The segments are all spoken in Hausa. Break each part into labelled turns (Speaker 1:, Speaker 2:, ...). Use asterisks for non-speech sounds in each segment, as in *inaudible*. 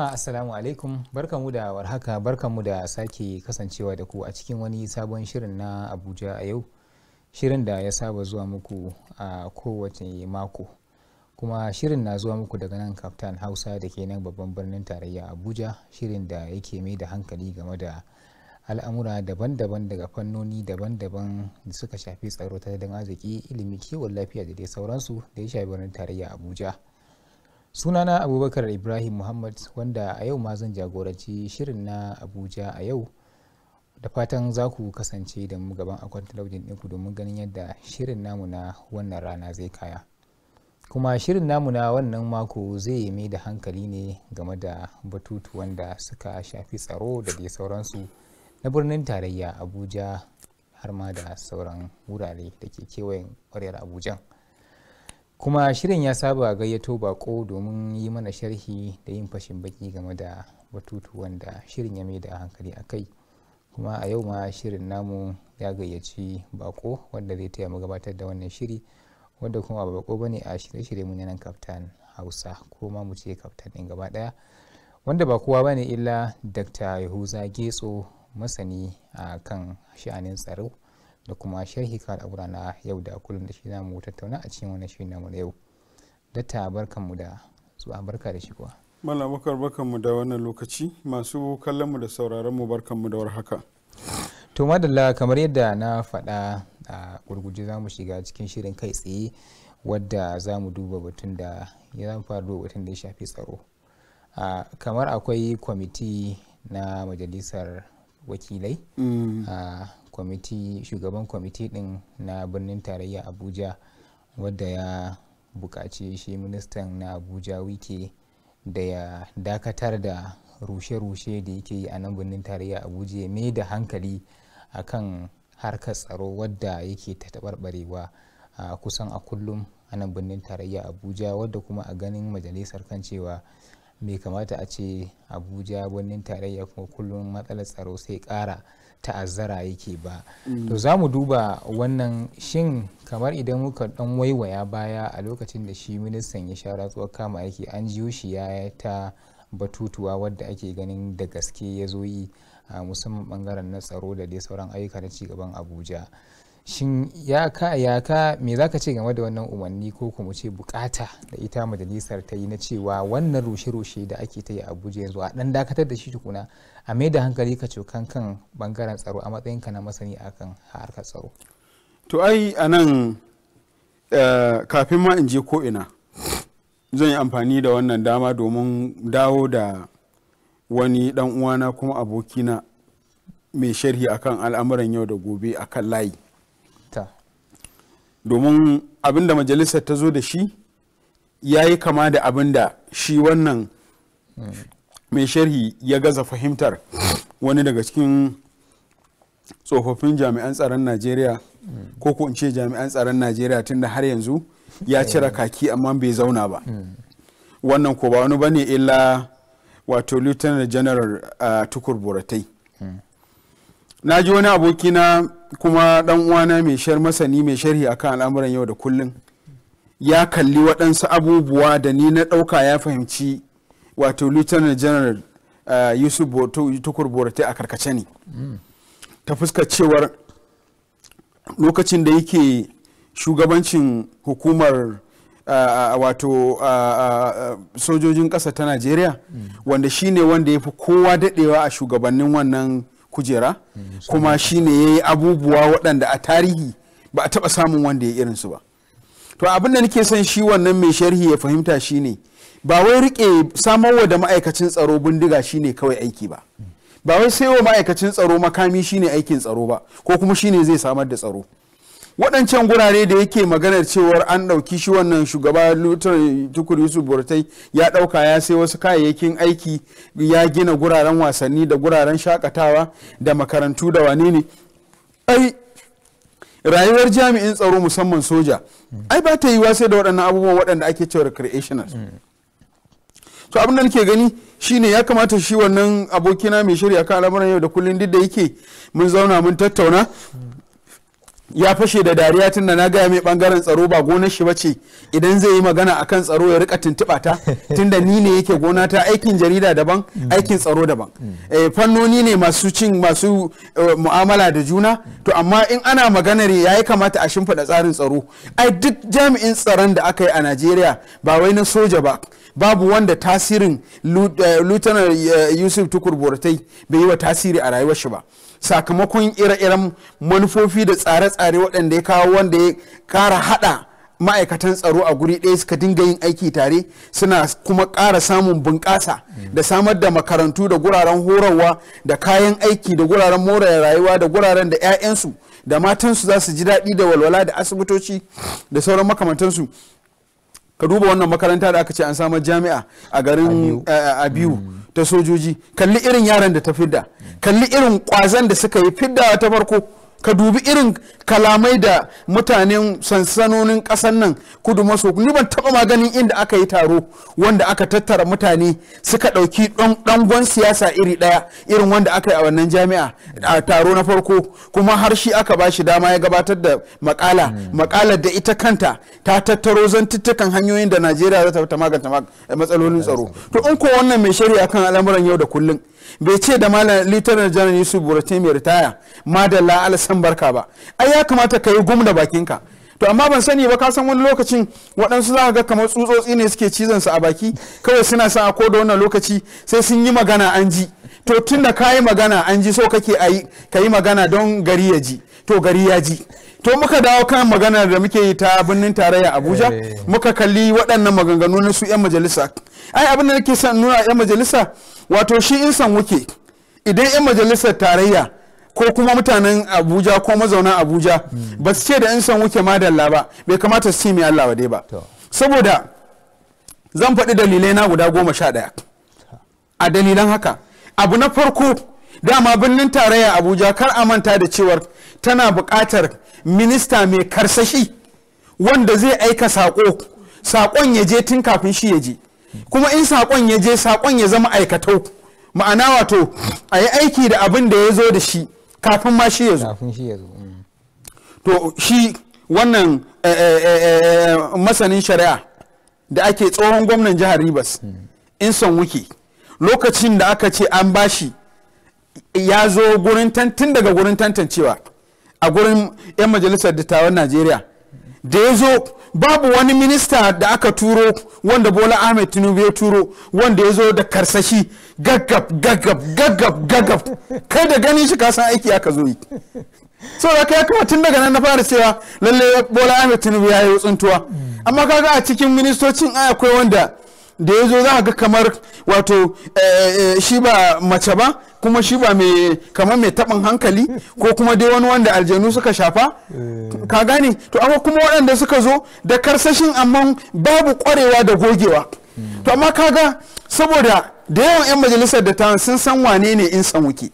Speaker 1: jama'a assalamu alaikum barkanmu da warhaka barkanmu da sake kasancewa da ku a cikin wani sabon shirin na abuja a yau shirin da ya saba zuwa muku a kowace mako kuma shirin na zuwa muku daga nan kaftan hausa da ke nan babban birnin tarayya abuja shirin da yake mai da hankali game da al'amura daban-daban daga fannoni daban-daban da suka shafi tsaro ta tattalin arziki ilimi kiwon lafiya da dai sauransu da ya shafi birnin tarayya abuja sunana abubakar ibrahim muhammad wanda a yau ma zan jagoranci shirin na abuja a yau da fatan za ku kasance da mu gaban akwai talabijin ɗinku domin ganin yadda shirin namu na wannan rana zai kaya kuma shirin namu na wannan mako zai yi mai da hankali ne game da batutu wanda suka shafi tsaro da dai sauransu na birnin tarayya abuja har ma da sauran wurare da ke kewayen ƙwaryar abujan kuma shirin ya saba gayyato bako domin yi mana sharhi da yin fashin baki game da batutu wanda shirin ya mai da hankali a kai kuma a yau ma shirin namu ya gayyaci bako wanda zai taya mu gabatar da wannan shiri wanda kuma ba bako bane a shirye-shirye mu nan kaftan hausa ko ma mu ce kaftan din gaba daya wanda ba kowa bane illa dr yahuza getso masani a kan sha'anin tsaro da kuma sharhi kan al'amura na yau da kullum da shi za mu tattauna a cikin wannan shirin namu na yau datta barkanmu da zuwa barka da shi kuwa
Speaker 2: malam bakar barkanmu da wannan lokaci masu kallon mu da sauraron barkan barkanmu da
Speaker 1: warhaka to madalla kamar yadda na faɗa a gurguje za mu shiga cikin shirin kai tsaye wadda za mu duba batun da ya zama fara duba batun da ya shafi tsaro kamar akwai kwamiti na majalisar wakilai mm. kwamiti shugaban kwamiti din na birnin tarayya abuja wadda ya bukaci shi ministan na abuja wike da ya dakatar da rushe-rushe da yake yi a nan birnin tarayya abuja ya mai da hankali akan harkar tsaro wadda yake ta tabarbarewa a kusan a kullum a nan birnin tarayya abuja wadda kuma a ganin majalisar kan cewa mai kamata a ce abuja birnin tarayya kuma kullum matsalar tsaro sai kara. ta'azzara yake ba mm. to za mu duba wannan shin kamar idan muka dan waiwaya baya a lokacin da shi ministan ya sha ratsuwar kama aiki an jiyo shi ya ta batutuwa wadda ake ganin da gaske ya zo yi musamman bangaren na tsaro da dai sauran ayyuka na cigaban abuja shin ya ka ya ka me zaka ce game da wannan umarni ko kuma ce bukata da ita majalisar ta yi na cewa wannan rushe-rushe da ake ta yi a abuja yanzu a dan dakatar da shi tukuna a mai da hankali ka cokan kan bangaren tsaro a matsayin ka na masani a kan harkar tsaro
Speaker 2: to ai a nan eh, kafin ma in je ko ina zan yi amfani da wannan dama domin dawo da wani dan uwana kuma abokina mai sharhi akan al'amuran yau da gobe akan layi domin abin da majalisar ta zo da shi ya yi kama da abin da shi wannan mai sharhi ya gaza fahimtar wani daga cikin tsofaffin jami'an tsaron najeriya ko ko in ce jami'an tsaron najeriya tunda har yanzu ya cire kaki amma bai zauna ba wannan ko ba wani bane illa wato lieutenant general uh, tukur buratai na ji wani abokina kuma dan uwana mai shar masani mai sharhi akan al'amuran yau da kullum ya kalli waɗansu abubuwa da ni na ɗauka ya fahimci wato lieutenant general eh, yusuf tukur borate a karkace ne ta fuskar cewar lokacin da yake shugabancin hukumar eh, wato eh, sojojin ƙasa ta najeriya wanda shine wanda ya fi kowa daɗewa a shugabannin wannan kujera mm, kuma shine ya yi abubuwa waɗanda a tarihi ba a taɓa samun wanda ya irinsu ba to abin da nake son shi wannan mai sharhi ya fahimta shine ba wai rike samarwa da ma'aikacin tsaro bindiga shine kawai aiki ba mm. ba wai sai wa ma'aikacin tsaro makami shine aikin tsaro ba ko kuma shine zai samar da tsaro waɗancan gurare da yake maganar cewar an ɗauki shi wannan shugaba lutar tukur yusuf burtai ya ɗauka ya sai wasu kayayyakin aiki ya gina guraren wasanni da guraren shakatawa da makarantu da wane ne ai rayuwar jami'in tsaro musamman soja ai ba ta yi sai da waɗannan abubuwan waɗanda ake cewa recreationers to abin da nake gani shine ya kamata shi wannan abokina mai shirya kan al'amuran yau da kullum duk da yake mun zauna mun tattauna ya fashe da dariya tun da na gaya mai bangaren tsaro ba gonar shi ba ce idan zai yi magana akan tsaro ya rika tuntuɓa ta tun da ni ne yake gona ta aikin jarida daban aikin tsaro daban eh, fannoni ne masu cin masu eh, mu'amala da juna to amma in ana maganar ya yi kamata a shimfiɗa tsarin tsaro ai duk jami'in tsaron da aka yi a najeriya ba wai na soja ba babu wanda tasirin eh, lieutenant yusuf tukur buratai bai yi wa tasiri a rayuwar shi ba sakamakon ire-iren manufofi da tsare-tsare waɗanda ya kawo wanda ya ƙara haɗa ma'aikatan tsaro a guri ɗaya suka dinga yin aiki tare suna kuma ƙara samun bunƙasa da samar da makarantu da guraren horarwa da kayan aiki da guraren more rayuwa da guraren da 'ya'yansu da matansu za su ji daɗi da walwala da asibitoci da sauran makamantansu ka duba wannan makaranta da aka ce an samar jami'a a garin abiyu eh, eh, ta sojoji kalli irin yaran da ta fidda kalli irin kwazan da suka yi fidda ta farko ka dubi irin kalamai da mutanen sansanonin ƙasar nan kudu maso ni ban taɓa maganin inda aka yi taro wanda aka tattara mutane suka ɗauki ɗangon siyasa iri ɗaya irin wanda aka yi a wannan jami'a a taro na farko kuma har shi aka ba shi dama ya gabatar da makala hmm. makala da ita kanta ta tattaro zantuttukan hanyoyin da najeriya za ta magance eh, matsalolin tsaro to in ko wannan mai shari'a kan al'amuran yau da kullum bai ce da malam litanar janar yusuf buratai mai ritaya madalla alsa san barka ba ai ya kamata ka yi gumda bakin bakinka to amma ban sani ba ka san wani lokacin waɗansu za ka ga kamar tsutsotsi ne suke cizon su a baki kawai suna sa a koda wannan lokaci sai sun yi magana an ji to tun da ka yi magana an ji so kake a ka yi magana don gari ya ji to gari ya ji to muka dawo kan magana da muke yi ta birnin tarayya abuja eh. muka kalli waɗannan maganganu na su 'yan majalisa ai abin da nake son nuna 'yan majalisa wato shi in san wuke idan 'yan majalisar tarayya ko kuma mutanen abuja ko mazauna abuja hmm. ba su ce da in san wuke madalla ba bai kamata su mai allah wade ba saboda zan faɗi dalilai na guda goma sha ɗaya a dalilan haka abu na farko dama birnin tarayya abuja kar a manta da cewar tana buƙatar minista mai karsashi wanda zai aika saƙo saƙon ya je tun kafin shi ya je kuma in saƙon ya je saƙon ya zama aikatau ma'ana wato a yi aiki da abin da ya zo da shi kafin ma shi ya zo kafin shi ya mm. to shi wannan eh, eh, eh, masanin shari'a da ake tsohon gwamnan jihar ribas mm. in son wiki lokacin da aka ce an bashi ya zo gurin tun daga gurin tantancewa a gurin 'yan majalisar dattawan Najeriya da ya zo babu wani minista da aka turo wanda Bola Ahmed Tinubu ya turo wanda ya zo da karsashi gaggab gaggab gaggab gaggab kai da gani shi kasan aiki aka zo yi so kai kuma tun daga nan na fara cewa lalle bola ahmed tinubu ya yi tsuntuwa amma kaga a cikin ministocin ai akwai wanda da ya zo za ga kamar wato eh, eh, shi ba mace ba kuma shi ba mai kamar mai taɓin hankali ko kuma dai wani wanda aljanu suka shafa ka gane to amma kuma waɗanda suka zo da karsashin amma babu ƙwarewa da gogewa to amma kaga saboda da yawan 'yan majalisar da sun san wane ne in wuki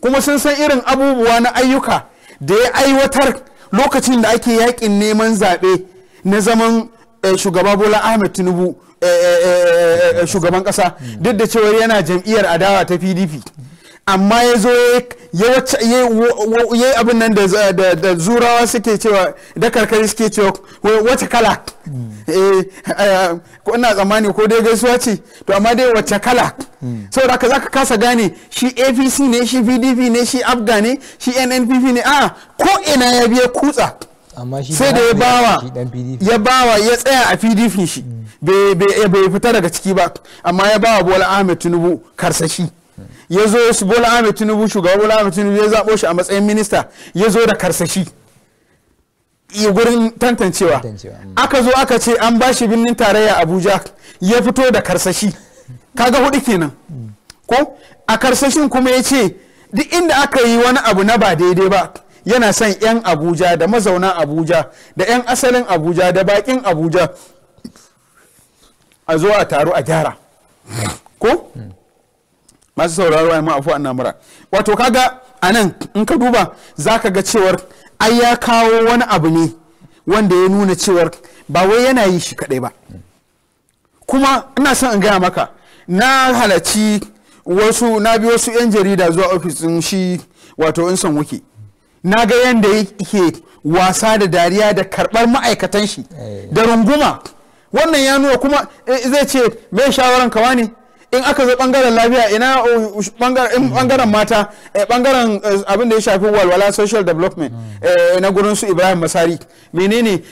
Speaker 2: kuma sun san irin abubuwa na ayyuka da ya aiwatar lokacin da ake yakin neman zaɓe na zaman eh, shugaba bola ahmed tinubu eh, eh, shugaban ƙasa duk da cewa yana jam'iyyar adawa ta pdp amma ya zo ya yi abin nan da zurawa suke cewa da karkari suke cewa wace kala hmm. eh, eh, eh, ina tsammani ko dai gaisuwa ce to amma dai wace kala hmm. saboda za zaka kasa gane shi apc ne shi pdp ne shi abga ne shi nnpp ne a ko ina ya biya kutsa sai da ya bawa ya bawa ya tsaya a pdp shi hmm. bai fita daga ciki ba amma ya bawa bola ahmed tinubu karsashi ya zo su bola ahmed tinubu shugaba bola ahmed tinubu ya zaɓo shi a matsayin minista ya zo da karsashi gurin tantancewa mm. aka zo aka ce an ba shi birnin tarayya abuja ya fito da karsashi kaga hudu kenan ko a karsashin kuma ya ce duk inda aka yi wani abu na ba daidai ba yana son 'yan abuja da mazauna abuja da 'yan asalin abuja da bakin abuja a zo a taru a gyara ko mm. masu sauraro ai ma'afu a namura wato kaga a nan in ka duba za ka ga cewar ai ya kawo wani abu ne wanda ya nuna cewar ba wai yana yi shi kadai ba kuma ina son in gaya maka na halarci wasu na bi wasu yan jarida zuwa ofisin shi wato in son wuki na ga yadda yake wasa da dariya da karbar ma'aikatan shi eh. da runguma wannan ya nuna kuma eh, zai ce mai shawaran kawa ne in aka zo bangaren lafiya ina bangaren uh, mata bangaren eh, eh, abin da ya shafi walwala social development eh, na gurin su ibrahim masari menene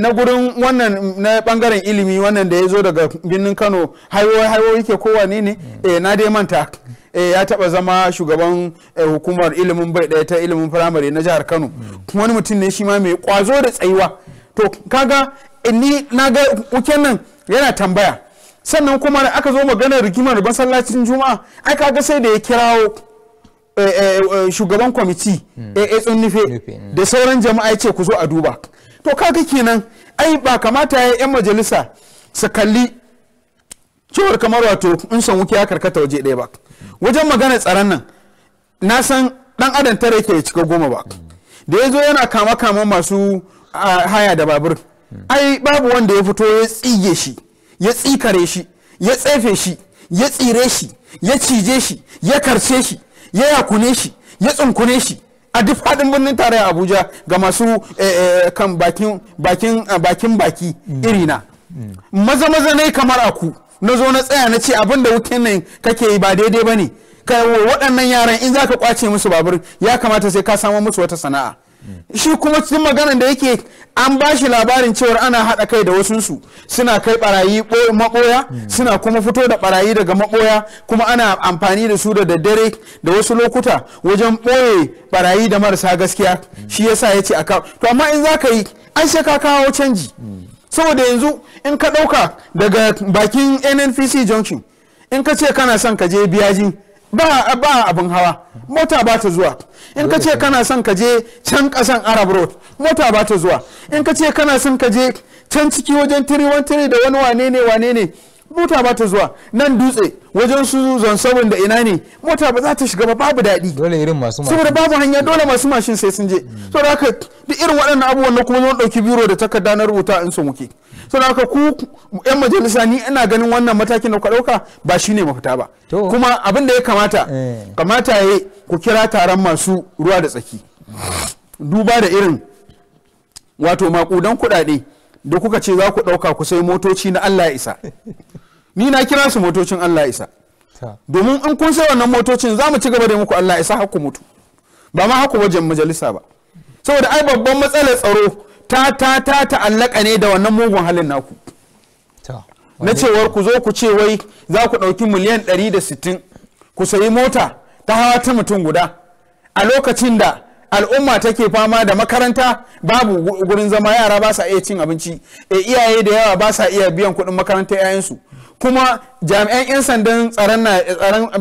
Speaker 2: na gurin wannan na bangaren ilimi wannan da ya zo daga birnin kano haiwoyi ke kowane ne na dai manta ya taba zama shugaban hukumar ilimin bai daya ta ilimin firamare na jihar kano wani mutum ne shi ma mai kwazo da tsayuwa to kaga ni na ga wuken nan yana tambaya sannan kuma da aka zo maganar rigimar masallacin juma'a ai kaga sai da ya kirawo eh, eh, eh, shugaban kwamiti a hmm. nufe hmm. da sauran jama'a ya ce ku zo a duba to kaka kenan ai ba kamata ya yan majalisa su kalli cewar kamar wato in san wuki ya karkata waje ɗaya ba wajen magana tsaron nan na san dan adam tare yake cika goma ba da ya zo yana kama kama masu ah, haya da babur hmm. ai babu wanda ya fito ya tsige shi ya tsikare shi ya tsefe shi ya tsire shi ya cije shi ya karce shi ya yakune shi ya tsunkune shi a duk faɗin birnin tarayya abuja ga masu eh, eh, kan eh, bakin baki irina maza maza ne kamar aku na zo na tsaya na ce abin da wukin nan kake yi ba daidai ba ne waɗannan yaran in za ka kwace musu babur ya kamata sai ka samo musu wata sana'a shi kuma cikin maganar da yake an ba shi labarin cewar ana haɗa kai da wasunsu suna kai barayi maboya suna kuma fito da barayi daga maboya kuma ana amfani da su da daddare da wasu lokuta wajen ɓoye barayi da marasa gaskiya shi yasa ya ce a to amma in za ka yi an shaka kawo canji saboda yanzu in ka ɗauka daga bakin nnpc junction in ka ce kana son ka je biyaji ba abin hawa mota ba ta zuwa in ka ce kana son ka je can kasan arab road mota ba ta zuwa in ka ce kana son ka je can ciki wajen tiri da wani wane ne wane ne mota ba ta zuwa nan dutse wajen su zon da ina ne mota ba za ta shiga ba babu daɗi
Speaker 1: dole irin masu mashin saboda
Speaker 2: babu hanya dole masu mashin sai sun je mm. saboda haka duk irin waɗannan abubuwan na kuma zan ɗauki biro da takarda na rubuta in so muke sau haka ku yan majalisa ni ina ganin wannan matakin na ku ba ba ne mafita ba kuma abin da ya kamata eh. kamata ya ku kira taron masu ruwa da tsaki duba da irin wato makudan kuɗaɗe da kuka ce za ku ɗauka ku sai motoci na Allah ya isa *laughs* ni na kira su motocin Allah ya isa domin in kun sai wannan motocin za mu ci gaba da muku Allah ya isa haku mutu ba ma haku wajen majalisa ba saboda ai babban matsalar tsaro ta ta ta ta'allaka ne da wannan mugun halin naku na cewar ku zo ku ce wai za ku ɗauki miliyan 160 ku sayi mota ta hawa ta mutum guda a lokacin da al'umma take fama da makaranta babu gurin zama yara ba sa iya cin abinci e iyaye da yawa ba sa iya biyan kuɗin makarantar 'ya'yansu kuma jami'an 'yan sandan tsaron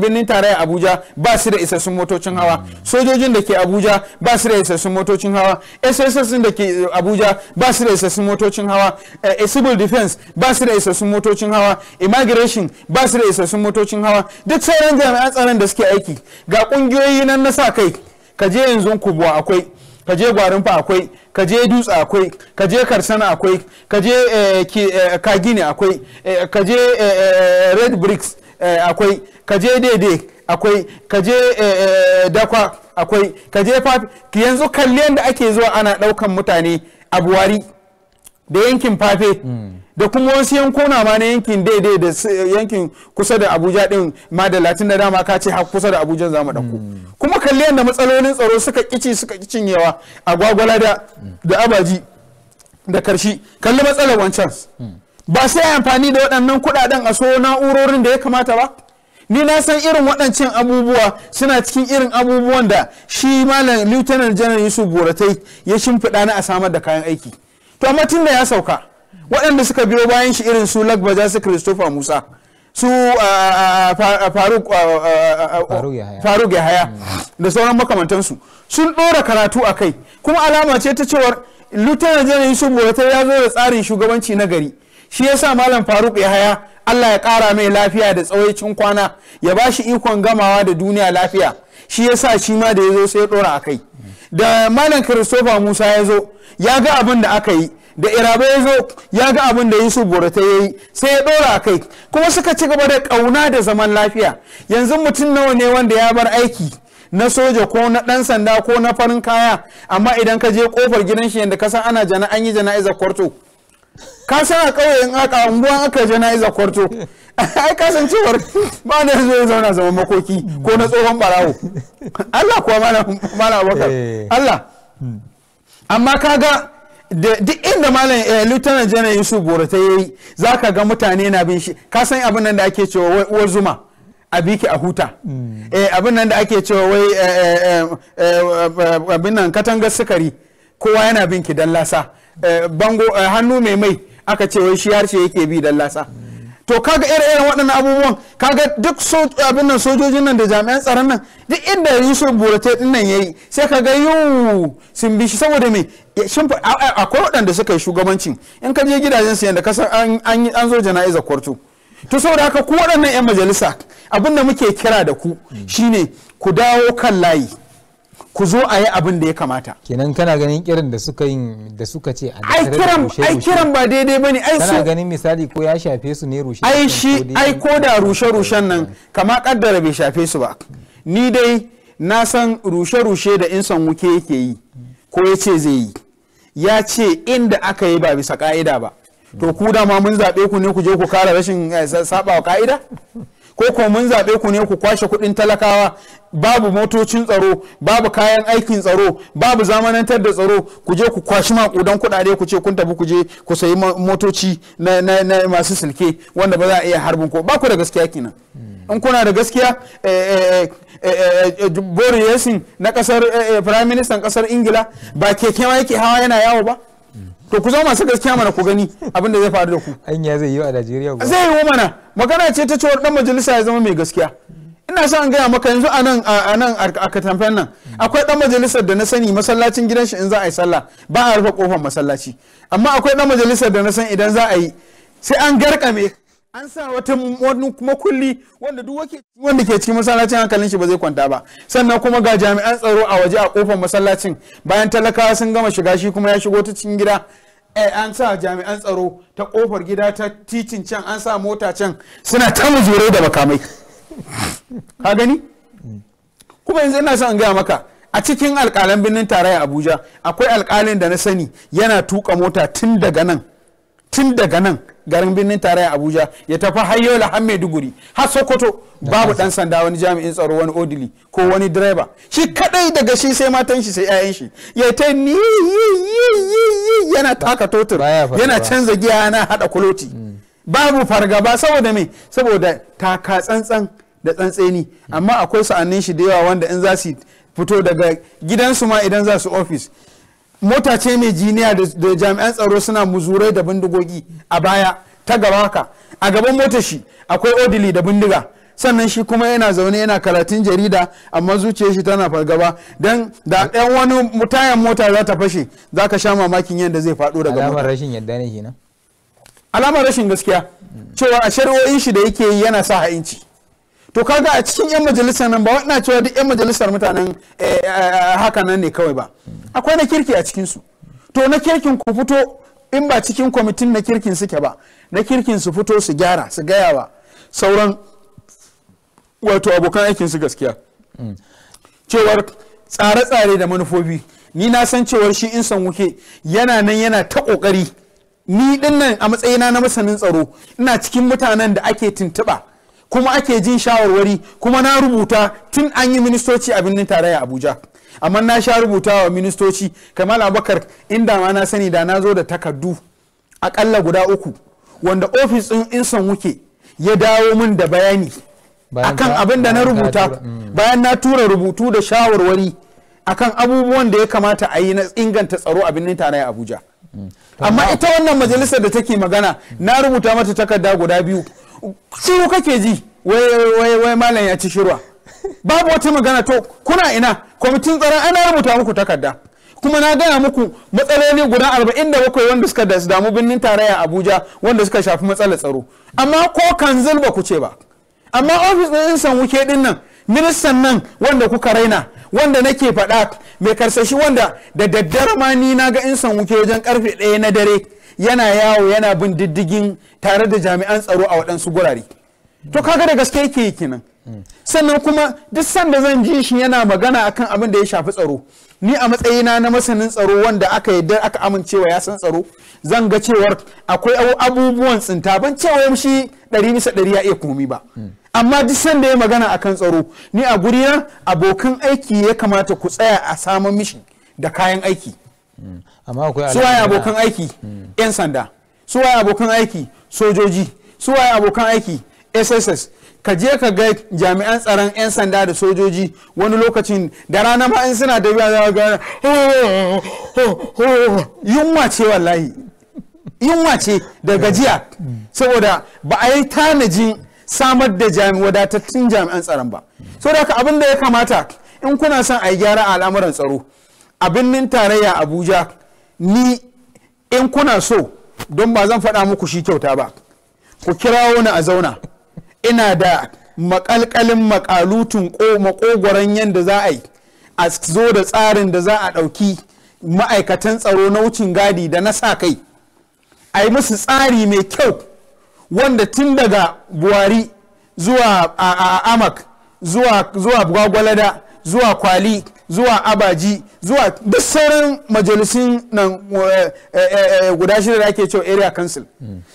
Speaker 2: birnin tarayya abuja ba su da isassun motocin hawa sojojin da ke abuja ba su da isassun motocin hawa sss da ke abuja ba su da isassun motocin hawa eh, eh, civil defense ba su da isassun motocin hawa immigration ba su da isassun motocin hawa duk sauran jami'an tsaron da suke aiki ga kungiyoyi nan na sa kai ka je yanzu kubuwa akwai ka je gwarin fa akwai ka je dutse akwai ka je karsana akwai ka je kagini akwai ka je red bricks akwai ka je daidai akwai ka je dakwa akwai ka je fafi yanzu kalli yadda ake zuwa ana daukan mutane a buwari da yankin fafe hmm. da kuma wasu yankuna ma na yankin daidai da yankin kusa da abuja din ma da latin da dama ka ce har kusa da abuja za mu ɗauko hmm. kuma kalli yadda matsalolin tsaro suka kici suka kicin yawa a gwagwala da da abaji da karshi kalli matsalar wancan hmm. ba sai amfani da waɗannan kuɗaɗen a so na'urorin da ya kamata ba ni na san irin waɗancan abubuwa suna cikin irin abubuwan da shi malam lieutenant general yusuf boratai ya shimfiɗa na a samar da kayan aiki to amma tun da ya sauka waɗanda suka biyo bayan shi irin su lagbaja su christopher musa su faruk yahaya mm. da sauran makamantansu sun ɗora karatu a kai kuma alama ce ta cewar lieutenant general yusuf buratai ya zo da tsarin shugabanci na gari shi yasa malam faruk yahaya allah ya ƙara mai lafiya da tsawaicin kwana ya ba shi ikon gamawa da duniya lafiya shi yasa shi ma da ya zo sai ya ɗora a kai da malam christopher musa ya zo ya ga abin da aka yi da irabe ya zo ya ga abin da yusuf borata ya yi sai ya ɗora a kai kuma suka ci gaba da ƙauna da zaman lafiya yanzu mutum nawa ne wanda ya bar aiki na soja ko na ɗan sanda ko na farin kaya amma idan ka je kofar gidan shi yadda ka san ana jana an yi jana'izar kwarto ka san a ƙauye aka unguwa aka jana'izar kwarto *laughs* ai kasancewar ba na zo ya zauna zaman makoki ko na tsohon barawo Allah kuwa mana abokan eh. Allah hmm. amma kaga duk inda malam eh, lieutenant general yusuf bora ta yi za ka ga mutane na bin shi ka san abin nan da ake cewa wai uwar zuma a biki a huta mm. eh, abin nan da ake cewa wai eh, abin nan katangar sukari kowa yana bin ki dan lasa bango hannu mai mai aka ce wai shi harshe yake bi dan lasa to kaga ire-iren waɗannan abubuwan kaga duk abin nan sojojin nan da jami'an tsaron nan duk inda yusuf burate din nan yayi sai kaga yau sun bi shi saboda me akwai waɗanda suka yi shugabancin in ka je gidajen su yanda san an zo jana'izar kwarto to saboda haka ku waɗannan 'yan
Speaker 1: majalisa abin da muke kira da ku shine ku dawo kan layi ku zo a yi abin da ya kamata kenan kana ganin kiran da suka yi da suka ce a kiran ai kiran ba daidai bane ai kana ganin misali ko ya shafe su ne rushe ai shi ai ko da rushe
Speaker 2: rushen nan kama kaddara bai shafe su ba ni dai na san rushe rushe da in san wuke yake yi ko ya ce zai yi ya ce inda aka yi ba bisa ka'ida ba to ku dama mun zaɓe ku ne ku je ku kara rashin eh, saɓawa wa ka'ida ko kuma mun zaɓe ku ne ku kwashe kuɗin talakawa babu motocin tsaro babu kayan aikin tsaro babu zamanantar da tsaro ku je ku kwashi maƙudan kuɗaɗe ku ce kun tafi ku je ku sayi motoci na, masu silke wanda ba za a iya harbin ko ba ku da gaskiya kenan in kuna da gaskiya eh, eh, eh, boris na kasar prime minister kasar ingila ba keke ma yake hawa yana yawo ba to ku zama masu gaskiya mana ku gani abin da zai faru da ku
Speaker 1: anya zai yi a Najeriya
Speaker 2: zai yi mana magana ce ta cewa dan majalisa ya zama mai gaskiya ina son gaya maka yanzu a nan a nan a katamfen nan akwai dan majalisar da na sani masallacin gidan shi in za a yi sallah ba a rufe kofar masallaci amma akwai dan majalisar da na san idan za a yi sai an garkame an sa wata makulli wanda duk wanda ke cikin masallacin hankalin shi ba zai kwanta ba sannan kuma ga jami'an tsaro a waje a kofar masallacin bayan talakawa sun gama shiga shi kuma ya shigo ta cikin gida eh, an sa jami'an tsaro ta kofar gida ta titin can an sa mota can suna ta muzurai da makamai *laughs* ka gani kuma yanzu ina son in gaya maka a cikin alkalan birnin tarayya abuja akwai alkalin da na sani yana tuka mota tun daga nan tun daga nan garin birnin tarayya abuja ya tafi la har maiduguri har sokoto babu dan sanda wani jami'in tsaro wani odili ko wani direba shi kadai daga shi sai matan shi sai 'ya'yan shi ya ta ni yana taka totur yana canza giya yana hada kuloti mm. babu fargaba saboda me saboda taka tsantsan da tsantseni mm. amma akwai sa'annin shi da yawa wanda in za su fito daga gidansu ma idan za su ofis mota ce mai jiniya da jami'an tsaro suna muzurai da bindigogi a baya ta gaba haka a gaban mota shi akwai odili da bindiga sannan shi kuma yana zaune yana karatun jarida amma zuciyar shi tana fargaba don da ɗan wani tayan mota za ta fashe za ka sha mamakin yadda zai faɗo daga mota. alamar rashin yadda ne na alamar rashin gaskiya cewa a shari'o'in shi da yake yi yana sa ha'inci to kaga a cikin 'yan majalisar nan ba waɗanda cewa duk 'yan majalisar mutanen eh, eh, haka nan ne kawai ba akwai na kirki a cikinsu to na kirkin ku fito in ba cikin kwamitin na kirkin suke ba na kirkin su fito su gyara su gaya wa sauran wato abokan aikin su gaskiya mm. cewar tsare-tsare da manufofi ni na san cewar shi in san wuke yana nan yana ta kokari ni dinnan a matsayina na masanin tsaro ina cikin mutanen da ake tuntuɓa kuma ake jin shawarwari kuma na rubuta tun an yi ministoci a birnin tarayya abuja amma na sha rubuta wa ministoci kamal Abakar inda ma na sani da na zo da takardu akalla guda uku wanda ofis ɗin in son wuke ya dawo min da bayani akan abin da na rubuta mm. bayan na tura rubutu da shawarwari akan abubuwan da ya kamata a yi na inganta tsaro a birnin tarayya abuja mm. amma ita wannan majalisar da take magana na rubuta mata takarda guda biyu ku kake ji wai wai malam ya ci shirwa babu wata magana to kuna ina kwamitin tsaron ana rubuta muku takarda kuma na gaya muku matsaloli guda arba'in da bakwai wanda suka da damu birnin tarayya abuja wanda suka shafi matsalar tsaro amma ko kanzil ba ku ce ba amma ofis ɗin san wuke ɗin nan ministan nan wanda kuka raina wanda nake faɗa mai karsashi wanda da daddare ma ni na ga in san wuke wajen karfe ɗaya na dare yana yawo yana bin diddigin tare da jami'an tsaro a waɗansu gurare to kaga da gaske yake yi kenan sannan kuma duk sanda zan ji shi yana magana akan abin da ya shafi tsaro ni a matsayina na masanin tsaro wanda aka yarda aka amincewa ya san tsaro zan ga cewar akwai abubuwan tsinta ban cewa shi ɗari bisa ɗari ya iya komi ba amma duk sanda ya magana akan tsaro ni a guri abokan aiki ya kamata ku tsaya a samun mishi da kayan aiki
Speaker 1: suwaye abokan aiki hmm.
Speaker 2: 'yan sanda suwaye abokan aiki sojoji suwaye abokan aiki sss ka je ka ga jami'an tsaron 'yan sanda da sojoji wani lokacin da rana ma in suna da biya ga yunwa ce wallahi yunwa ce da gajiya saboda ba a yi tanajin samar da wadatattun jami'an tsaron ba saboda haka abin da ya kamata in kuna son a yi gyara a al'amuran tsaro a birnin tarayya abuja ni in kuna so don ba zan faɗa muku shi kyauta ba ku kirawo ni a zauna ina da makalkalin makalutun makogoron yadda za a yi a zo da tsarin da za a ɗauki ma'aikatan tsaro na wucin gadi da na sa kai a yi musu tsari mai kyau wanda tun daga buwari zuwa amak zuwa gwagwalada zuwa kwali zuwa abaji zuwa duk sauran majalisun nan eh, eh, eh, guda shida da ake cewa area council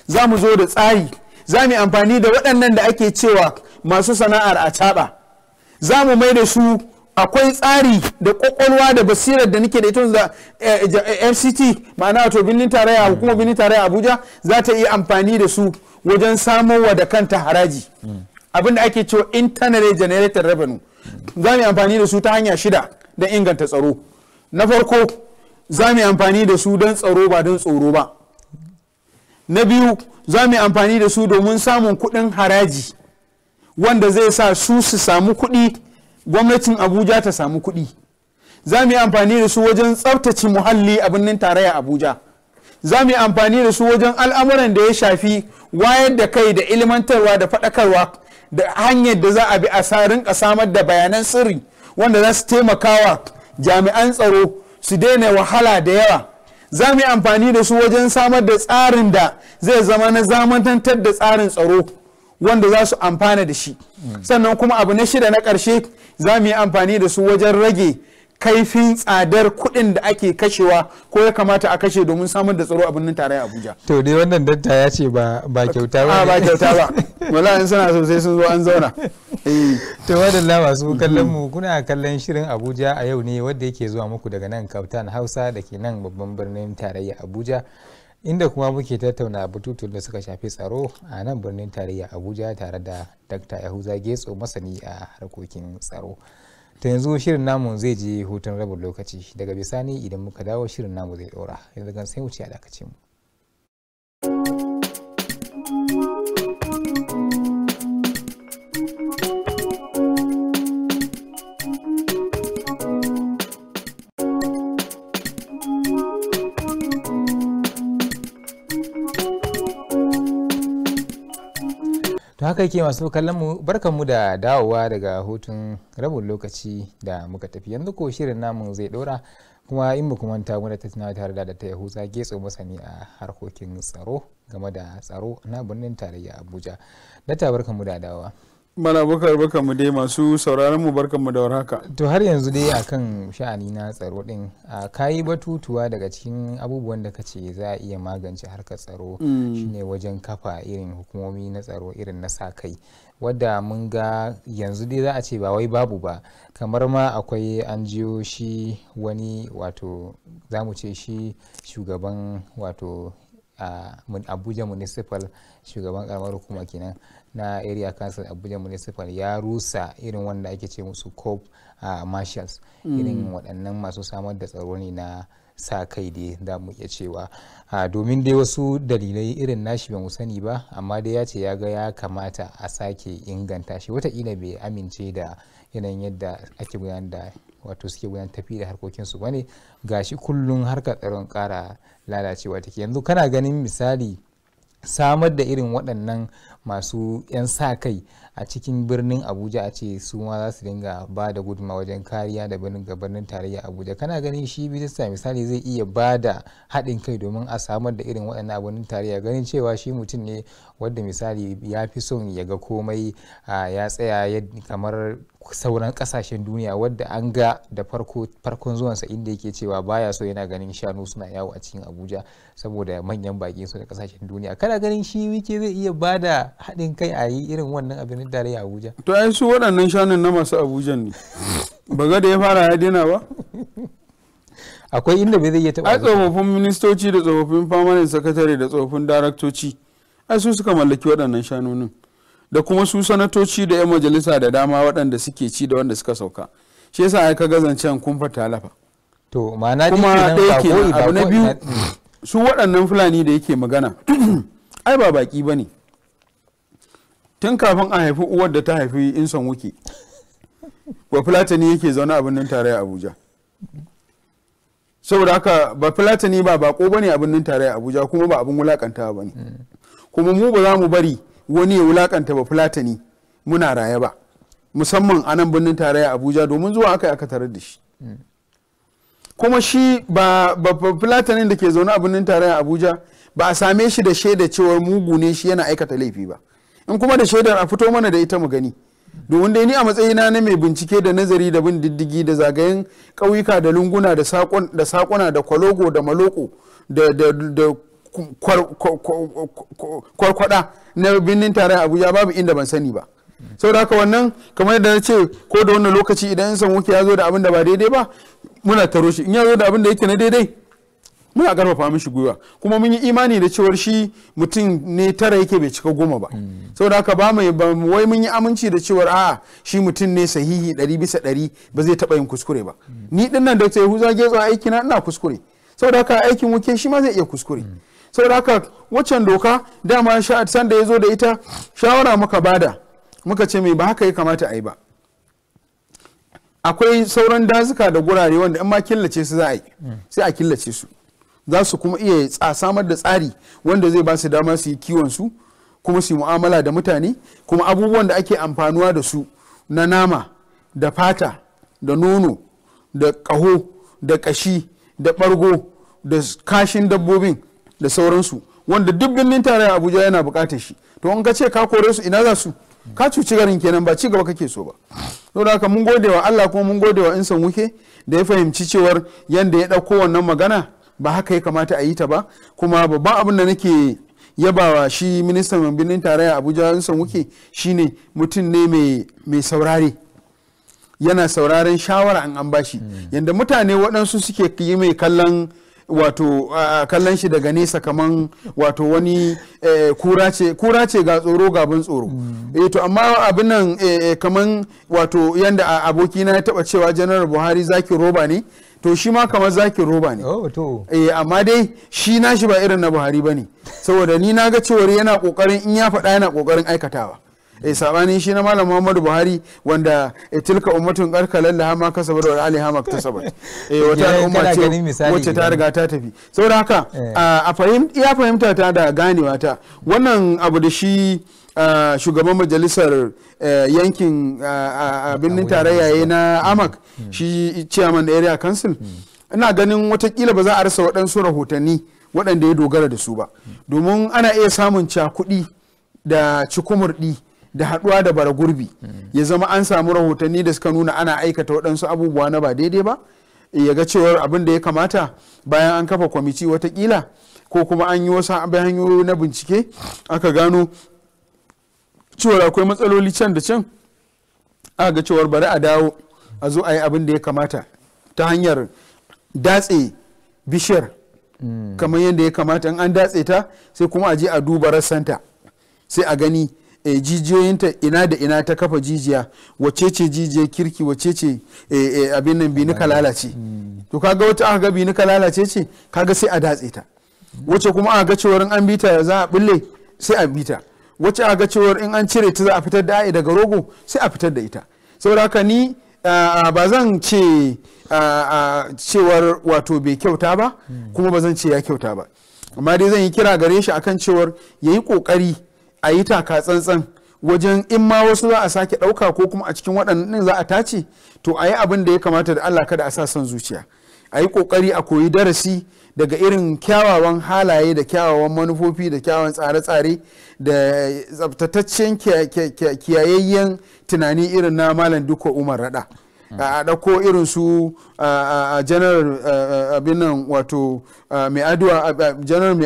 Speaker 2: za mu zo da tsari za mu amfani da waɗannan da ake cewa masu sana'ar a caɓa za mu mai da su akwai tsari da ƙwaƙwalwa da basirar da nake da ita da mct ma'ana wato birnin tarayya hukumar birnin tarayya abuja za ta iya amfani da su wajen samowa da kanta haraji mm. abin da ake cewa internal generated revenue za mu amfani da su ta hanya shida don inganta tsaro na farko za mu yi amfani da su don tsaro ba don tsoro ba na biyu za mu yi amfani da su domin samun kuɗin haraji wanda zai sa su su samu kuɗi gwamnatin abuja ta samu kuɗi za mu yi amfani da su wajen tsabtace muhalli a birnin tarayya abuja za mu yi amfani da su wajen al'amuran da ya shafi wayar da kai da ilmantarwa da faɗakarwa da hanyar da za a bi a rinka samar da bayanan sirri wanda za su taimakawa jami'an tsaro su daina wahala da yawa za mu yi amfani da su wajen samar da tsarin da zai zama na zamantantar da tsarin tsaro wanda za su amfana da shi sannan kuma abu na shida na ƙarshe za mu yi amfani da su wajen rage kaifin tsadar kuɗin da ake kashewa ko ya kamata a kashe domin samar da tsaro a birnin tarayya abuja
Speaker 1: to dai wannan datta ya ce ba kyauta ba ba kyauta ba *laughs* wala suna sosai sun zo an zauna to wadanda masu kallon mu kuna kallon shirin abuja a yau ne wadda yake zuwa muku daga nan kaftan hausa da ke nan babban birnin tarayya abuja inda kuma muke tattauna bututun da suka shafi tsaro a nan birnin tarayya abuja tare da dr yahuza getso masani a harkokin tsaro ta yanzu shirin namu zai je hutun rabin lokaci daga bisani idan muka dawo shirin namu zai ɗora yanzu gan sai wuce a dakacin mu haka yake masu kallon mu barkan mu da dawowa daga hutun rabin lokaci da muka tafi yanzu ko shirin namu zai dora kuma in muku manta muna ta tunawa tare da ta yahuza getso masani a harkokin tsaro game da tsaro na birnin tarayya abuja data barkan mu da dawowa
Speaker 2: Mana bukar baka mu dai masu sauraron mu barkan mu da warhaka.
Speaker 1: To har yanzu dai akan sha'ani na tsaro din kayi batutuwa daga cikin abubuwan da kace za a iya magance harka tsaro mm. shine wajen kafa irin hukumomi na tsaro irin na sa kai. wadda mun ga yanzu dai za a ce ba wai babu ba kamar ma akwai an jiyo shi wani wato za ce shi shugaban wato a abuja municipal shugaban karamar hukuma kenan na area council abuja municipal ya rusa irin wanda ake ce musu cop marshals hmm. irin waɗannan masu samar da tsaro ne na sa kai dai da mu iya cewa domin dai wasu dalilai irin nashi ba sani ba amma dai ya ce ya ga ya kamata a sake inganta shi wataƙila bai amince da yanayin yadda ake gudanar da wato suke wuyan tafi da harkokinsu bane gashi kullum harka tsaron kara lalacewa take yanzu kana ganin misali samar da irin waɗannan masu 'yan sa kai a cikin birnin abuja a ce su ma za su dinga ba da gudunma wajen kariya da birnin gabanin tarayya abuja kana ganin shi bisa misali zai iya ba da haɗin kai domin a samar da irin waɗannan abunin tarayya ganin cewa shi mutum ne wadda misali ya fi son ya ga komai ya tsaya kamar sauran kasashen duniya wadda an ga da farkon zuwansa inda yake cewa baya so yana ganin shanu suna yawo a cikin abuja saboda manyan baki su da kasashen duniya kana ganin shi wike zai iya ba da haɗin kai a yi irin wannan abin da ya abuja
Speaker 2: to ai su waɗannan shanun na masu abuja ne ba ga da ya fara ya ba akwai inda bai zai iya taɓa ai tsofaffin ministoci da tsofaffin famanin sakatare da tsofaffin daraktoci ai su suka mallaki waɗannan shanunin da kuma su sanatoci da 'yan majalisa da dama waɗanda suke ci da wanda suka sauka shi yasa ai kaga zancen kun fata lafa
Speaker 1: to ma'ana kuma da ke abu na biyu
Speaker 2: *clears throat* su waɗannan fulani da yake magana *clears throat* ai ba baki ba ne tun kafin a haifi uwar da ta haifi inson wuki ba fulatani yake zaune a birnin tarayya abuja saboda haka ba fulatani ba bako ba ne a birnin tarayya abuja kuma ba abin wulakantawa ba ne mm. kuma mu ba za mu bari wani ya wulakanta ba fulatani muna raye ba musamman a nan birnin tarayya abuja domin zuwa aka aka tarar da shi kuma shi ba fulatanin da ke zaune a birnin tarayya abuja ba a same shi da shaidar cewa mugu ne shi yana aikata laifi ba in kuma da shaidar a fito mana da ita mu gani domin dai ni a matsayina na mai bincike da nazari da bin diddigi da zagayen ƙauyuka da lunguna da sakuna da kwalogo da maloko da kwarkwada na birnin tarayyar abuja babu inda ban sani ba saboda haka wannan kamar yadda na ce ko da wannan lokaci idan yan wuke ya zo da abin da ba daidai ba muna taro shi in ya zo da abin da yake na daidai muna karfafa mishi gwiwa kuma mun yi imani da cewar shi mutum ne tara yake bai cika goma ba saboda haka ba mai wai mun yi aminci da cewar a shi mutum ne sahihi ɗari bisa ɗari ba zai taɓa yin kuskure ba ni ɗinnan da ta yahuza gezo aiki na ina kuskure saboda haka aikin wuke shi ma zai iya kuskure saboda haka waccan doka dama san da ya zo da ita shawara muka bada muka ce mai ba haka ya kamata a yi ba akwai sauran dazuka da gurare wanda in ma killace su za a yi sai a killace su za su kuma iya samar da tsari wanda zai ba su dama su yi kiwon su kuma su yi mu'amala da mutane kuma abubuwan da ake amfanuwa da su na nama da fata da nono da ƙaho da ƙashi da ɓargo da kashin dabbobin da sauransu wanda duk birnin tarayya abuja yana bukatar shi to in ka ce ka kore su ina za su ka cuci garin kenan ba ci gaba kake so ba saboda haka mun gode wa Allah kuma mun gode wa san wuke da ya fahimci cewar yanda ya ɗauko wannan magana ba haka ya kamata a yi ta ba kuma babban abin da nake yabawa shi ministan birnin tarayya abuja san wuke shine mutum ne mai saurare yana sauraren shawara an an bashi hmm. yanda mutane waɗansu suke yi mai kallon wato kallon shi daga nesa kaman wato wani e, kura ce kura ce ga tsoro gaban tsoro mm. eh to amma abin nan e, e, kaman wato yanda abokina ya taba cewa janar buhari zaki roba ne to shi ma kamar zaki roba ne
Speaker 1: oh,
Speaker 2: eh amma dai shi nashi ba irin na buhari ba ne saboda ni na ga cewar yana kokarin in ya faɗa yana kokarin aikatawa e sabani shi na malam muhammadu buhari wanda e tilka ummatun karkalar lahama kasa bada wa ta maktasabat e wata al'umma ce wacce ta riga ta tafi saboda haka eh. a ya fahimta ta da ganewa ta wannan abu da shi shugaban majalisar yankin uh, birnin tarayya na amak hmm. shi chairman area council hmm. ina ganin watakila ba za a rasa waɗansu rahotanni waɗanda ya dogara da su ba hmm. domin ana iya samun cakuɗi da cikumurɗi da haduwa da bara gurbi ya zama an samu rahotanni da suka nuna ana aikata waɗansu abubuwa na ba daidai ba ya ga cewar abin da ya kamata bayan an kafa kwamiti watakila ko kuma an yi wasu hanyoyi na bincike aka gano cewar akwai matsaloli can da can aka ga cewar bari a dawo a zo a yi abin da ya kamata ta hanyar datse bishiyar mm. kamar yadda ya kamata in an datse ta sai kuma a je a duba rassanta sai a gani e, jijiyoyinta ina da ina ta kafa jijiya wace ce jijiyar kirki wace ce eh, eh, abin nan binika lalace hmm. to kaga wata aka ga binika lalace ce kaga sai a datse ta wace kuma aka ga cewar an bita za a bulle sai a bita wace aka ga cewar in an cire ta za a fitar da ai daga rogo sai a fitar da ita saboda haka ni ba zan ce cewar wato bai kyauta ba hmm. kuma ba zan ce ya kyauta ba amma dai zan yi kira gare shi akan cewar ya yi kokari a yi taka tsantsan wajen in ma wasu za a sake ɗauka ko kuma a cikin waɗannan za a tace to a yi abin da ya kamata da Allah kada a sa son zuciya a yi ƙoƙari a koyi darasi daga irin kyawawan halaye da kyawawan manufofi da kyawawan tsare-tsare da tsabtataccen kiyayayyen tunani irin na malam duka umar rada a ɗauko irin su a janar abinan wato mai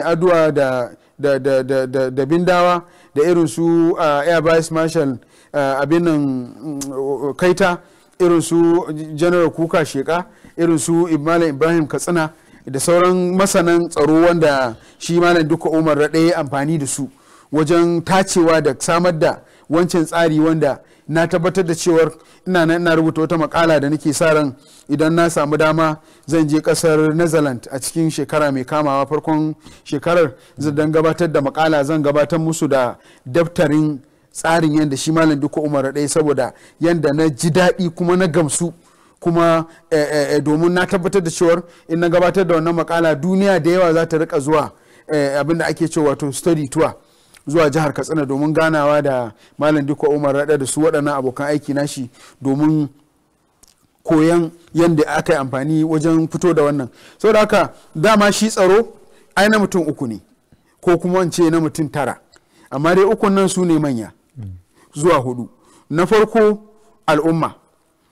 Speaker 2: aduwa da da, da, da, da, bindawa da irin su uh, air vice marshal uh, abin nan mm, kaita irin su general kuka sheka irin su ibrahim katsina da sauran masanan tsaro wanda shi malam duka umar raɗe amfani da su wajen tacewa da samar da wancan tsari wanda na tabbatar da cewar ina ina rubuta wata makala da nake sa ran idan na samu dama zan je kasar Netherlands a cikin shekara mai kamawa farkon shekarar zan gabatar da makala zan gabatar musu da daftarin tsarin yadda shi malam duka umar ɗaya saboda yadda na ji daɗi kuma na gamsu kuma eh, eh, eh, domin na tabbatar da cewar in na gabatar da wannan makala duniya da yawa za ta rika zuwa abinda ake cewa wato study tour zuwa jihar katsina domin ganawa da malam diko umar rada da su waɗannan abokan aiki nashi domin koyan yadda aka yi amfani wajen fito da wannan sau haka dama shi tsaro ai na mutum uku ne ko kuma ce na mutum tara amma dai ukun nan su ne manya zuwa hudu na farko al'umma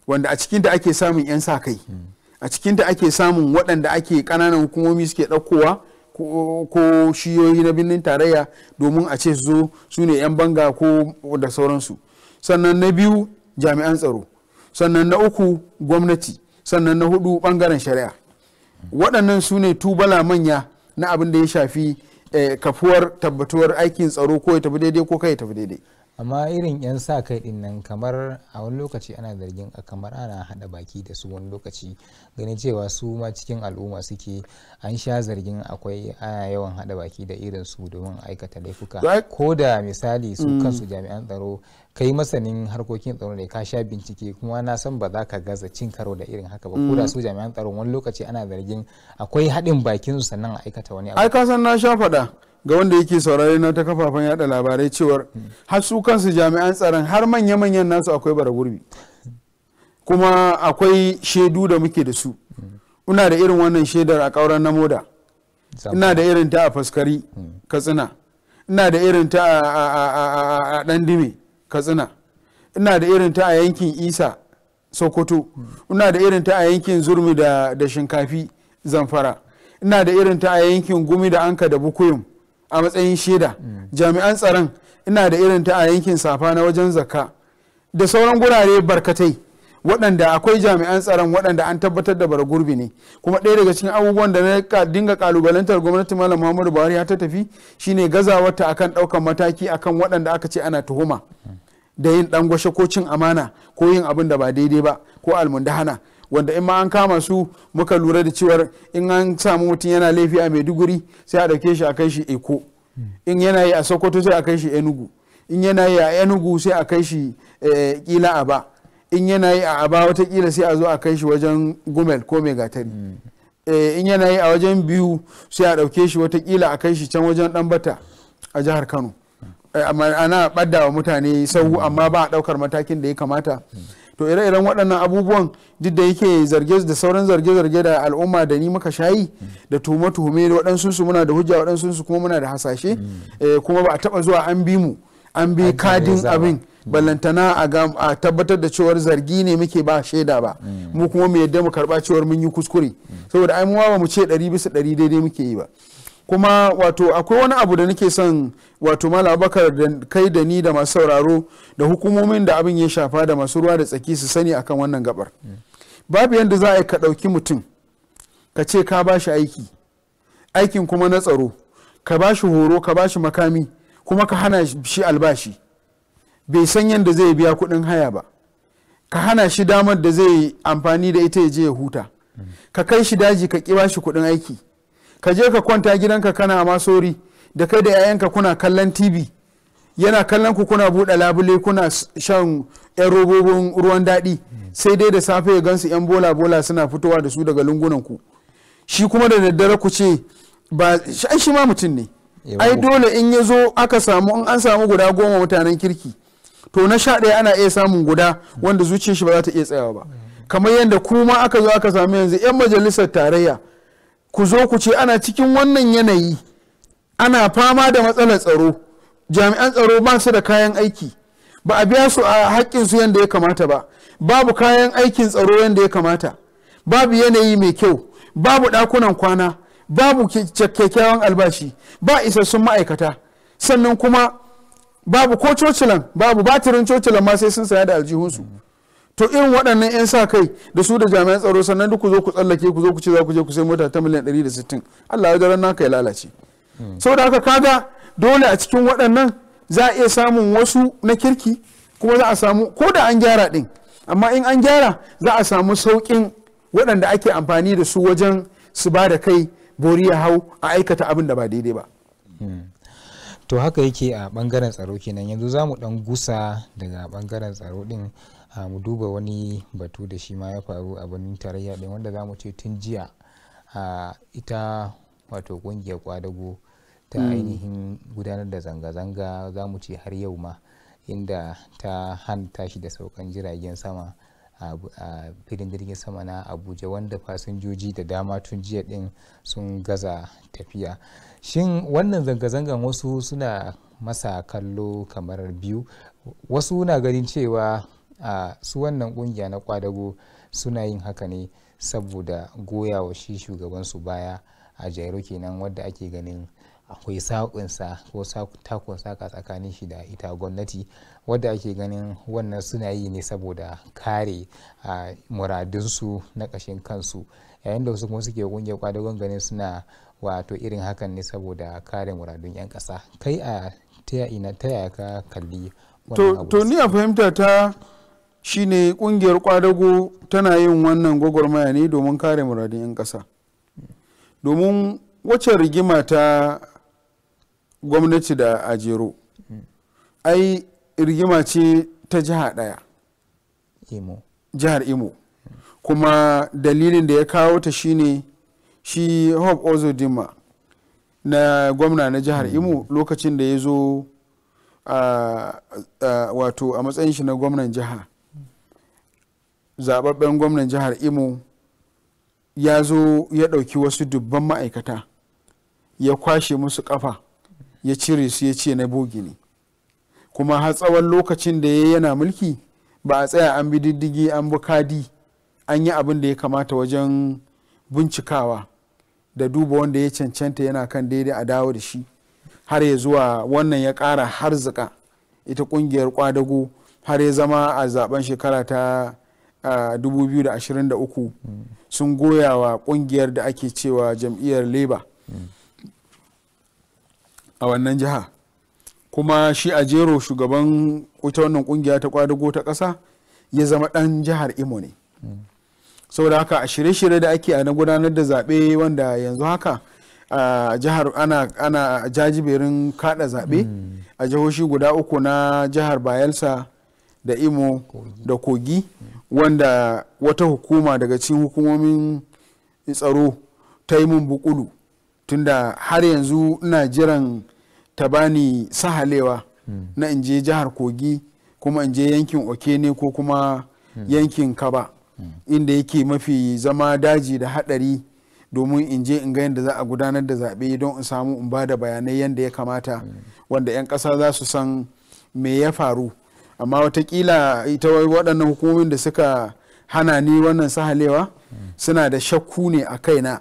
Speaker 2: wanda a cikinta ake samun 'yan sa kai a cikinta ake samun waɗanda ake ƙananan hukumomi suke ɗaukowa ko shiyoyi na birnin tarayya domin a ce zo su ne 'yan banga ko da sauransu sannan na biyu jami'an tsaro sannan na uku gwamnati sannan na hudu bangaren shari'a waɗannan su ne tubala manya na abin da ya shafi eh, kafuwar tabbatuwar aikin tsaro ko ya tafi daidai ko kai ya tafi daidai
Speaker 1: amma irin 'yan sa kai din nan kamar a wani lokaci ana zargin a kamar ana hada baki da su wani lokaci ganin cewa su ma cikin al'umma suke an sha zargin akwai ana yawan hada baki da irin su domin aikata laifuka ko da misali su mm. kansu jami'an tsaro kai masanin harkokin tsaro ne ka sha bincike kuma na san ba za ka gaza cin karo da irin haka ba ko da mm. su jami'an tsaro wani lokaci ana zargin akwai haɗin bakin su sannan aikata wani abu ai
Speaker 2: ka san na sha faɗa ga wanda yake saurare na ta kafafen yada labarai cewar har su kansu jami'an tsaron har manya-manyan nasu akwai bara gurbi kuma akwai shaidu da muke da su ina da irin wannan shaidar a kauran na moda ina da irin ta a faskari katsina ina da irin ta a dime katsina ina da irin ta a yankin isa sokoto ina da irin ta a yankin zurmi da shinkafi zamfara ina da irin ta a yankin gumi da anka da bukuyum a matsayin shaida jami'an tsaron ina da irin ta a yankin safa na wajen zakka da sauran gurare barkatai waɗanda akwai jami'an tsaron waɗanda an tabbatar da gurbi ne kuma ɗaya daga cikin abubuwan da na dinga kalubalantar gwamnati malam muhammadu buhari ya ta tafi shine gazawar ta akan ɗaukar mataki akan waɗanda aka ce ana tuhuma da yin ɗangwashe ko cin amana ko yin abin da ba daidai ba ko almundahana wanda in ma an kama su muka lura da cewar in an samu mutum yana laifi a maiduguri sai a dauke shi a kai shi eko hmm. in yana yi a sokoto sai a kai shi enugu in yana yi a enugu sai a kai shi eh, kila aba in yana yi a aba watakila sai a zo a kai shi wajen gumel ko mai gatari hmm. eh, in yana yi a wajen biyu sai a dauke shi watakila a kai shi can wajen dambata a jihar kano hmm. eh, ana baddawa mutane sahu amma ba a ɗaukar matakin da ya kamata to ire-iren waɗannan abubuwan duk da yake zarge da sauran zarge-zarge da al'umma da ni muka shayi da tuhume-tuhume waɗansu su muna da hujja waɗansu su kuma muna da hasashe eh, kuma ba a taɓa zuwa an bi mu an bi kadin abin mm. ballantana a tabbatar da cewar zargi ne muke ba shaida ba mm. mu kuma mu yadda mu karɓa cewar mun yi kuskure mm. saboda ai mu ba mu ce ɗari bisa ɗari daidai muke yi ba kuma wato akwai wani abu da nake son wato mala abakar da kai da ni da masu sauraro da hukumomin da abin ya shafa da masu ruwa da tsaki su sani akan wannan gabar babu yadda za a yi ka ɗauki mutum ka ce ka ba shi aiki aikin kuma na tsaro ka ba shi horo ka ba shi makami kuma ka hana shi albashi bai san yadda zai biya kuɗin haya ba ka hana shi damar da zai amfani da ita ya je ya huta ka kai shi daji ka ƙi ba shi kuɗin aiki ka je ka kwanta gidanka kana masori da kai da 'ya'yanka kuna kallon tv yana kallon ku kuna buɗe labule kuna shan 'yan robobin ruwan daɗi sai dai da safe ya gansu 'yan bola bola suna fitowa da su daga lungunan ku shi kuma da daddare ku ce ba an shi ma mutum ne ai dole in ya zo aka samu in an samu guda goma mutanen kirki to na sha ɗaya ana iya samun guda wanda zuciyar shi ba za ta iya tsayawa ba mm. kamar yadda kuma aka zo aka samu yanzu 'yan majalisar tarayya ku zo ku ce ana cikin wannan yanayi ana fama da matsalar tsaro jami'an tsaro ba su da kayan aiki ba a biya su a su yadda ya kamata ba babu kayan aikin tsaro yadda ya kamata babu yanayi mai kyau babu ɗakunan kwana babu kyakkyawan albashi ba isassun ma'aikata sannan kuma babu ko cocilan babu batirin cocilan ma sai sun saya da aljihunsu to irin waɗannan 'yan sa kai da su da jami'an tsaro sannan duk ku zo ku tsallake ku zo ku ce za ku je ku sai mota ta miliyan 160 Allah ya daren naka ya lalace hmm. saboda haka kaga dole a cikin waɗannan za a iya samun wasu na kirki kuma za a samu ko da an gyara din amma in an gyara za a samu sauƙin waɗanda ake amfani da su
Speaker 1: wajen su ba da kai bori ya hau a aikata abin da ba daidai ba hmm. to haka yake a bangaren tsaro kenan yanzu za mu ɗan gusa daga bangaren tsaro ɗin a ah, mu duba wani batu da shi ma ya faru a birnin tarayya ɗin wanda za mu ce tun jiya a ah, ita wato ƙungiyar kwadago ta hmm. ainihin gudanar da zanga-zanga za mu ce har yau ma inda ta hanta shi da saukan jiragen sama a filin jirgin sama na abuja wanda fasinjoji da dama tun jiya ɗin sun gaza tafiya shin wannan zanga-zangan wasu suna masa kallo kamar biyu wasu na ganin cewa a su wannan kungiya na kwadago suna yin haka ne saboda goya wa shi shugabansu baya a jairo kenan wadda ake ganin akwai sakunsa ko takon saka tsakanin shi da ita gwamnati wadda ake ganin wannan suna yi ne saboda kare a muradunsu na ƙashin kansu yayin da wasu kuma suke kungiyar kwadagon ganin suna wato irin hakan ne saboda kare muradun 'yan ƙasa kai a ta yaya ka kalli to
Speaker 2: ni a fahimta ta shine kungiyar kwadago tana yin wannan gwagwarmaya ne domin kare muradin 'yan ƙasa domin wacce rigima ta gwamnati da ajero ai rigima ce ta jiha ɗaya jihar imo kuma dalilin da ya kawo ta shine shi hope dima na gwamna na jihar hmm. imo lokacin da ya zo wato a matsayin shi na gwamnan jiha zababben gwamnan jihar imo ya zo ya ɗauki wasu dubban ma'aikata ya kwashe musu ƙafa ya cire su ya ce na bogi ne kuma har tsawon lokacin da ya yana mulki ba a tsaya an bi diddigi an bi kadi an yi abin da ya kamata wajen bincikawa da duba wanda ya cancanta yana kan daidai a dawo da shi har ya zuwa wannan ya kara har zika ita kungiyar kwadago har ya zama a zaben shekara ta a 2023 sun goya wa kungiyar da ake cewa jam'iyyar labour a wannan jiha kuma shi a jero shugaban wata wannan kungiya ta kwadago ta ƙasa ya zama ɗan jihar imo ne Sau da haka a shirye-shirye da ake a na gudanar da zaɓe wanda yanzu haka a jihar ana, jajiberin kada zaɓe a jihoshi guda uku na jihar bayelsa da imo da kogi wanda wata hukuma daga cikin hukumomin tsaro ta yi mun bukulu tunda har yanzu ina jiran ta bani sahalewa na in je jihar kogi kuma in je yankin okene ko kuma yankin kaba inda yake mafi zama daji da hadari domin in je in ga yadda za a gudanar da zaɓe don in samu in ba da bayanai yadda ya kamata wanda 'yan ƙasa za su san me ya faru amma watakila ita waɗannan hukumomin da suka hana ni wannan sahalewa suna da shakku ne a kaina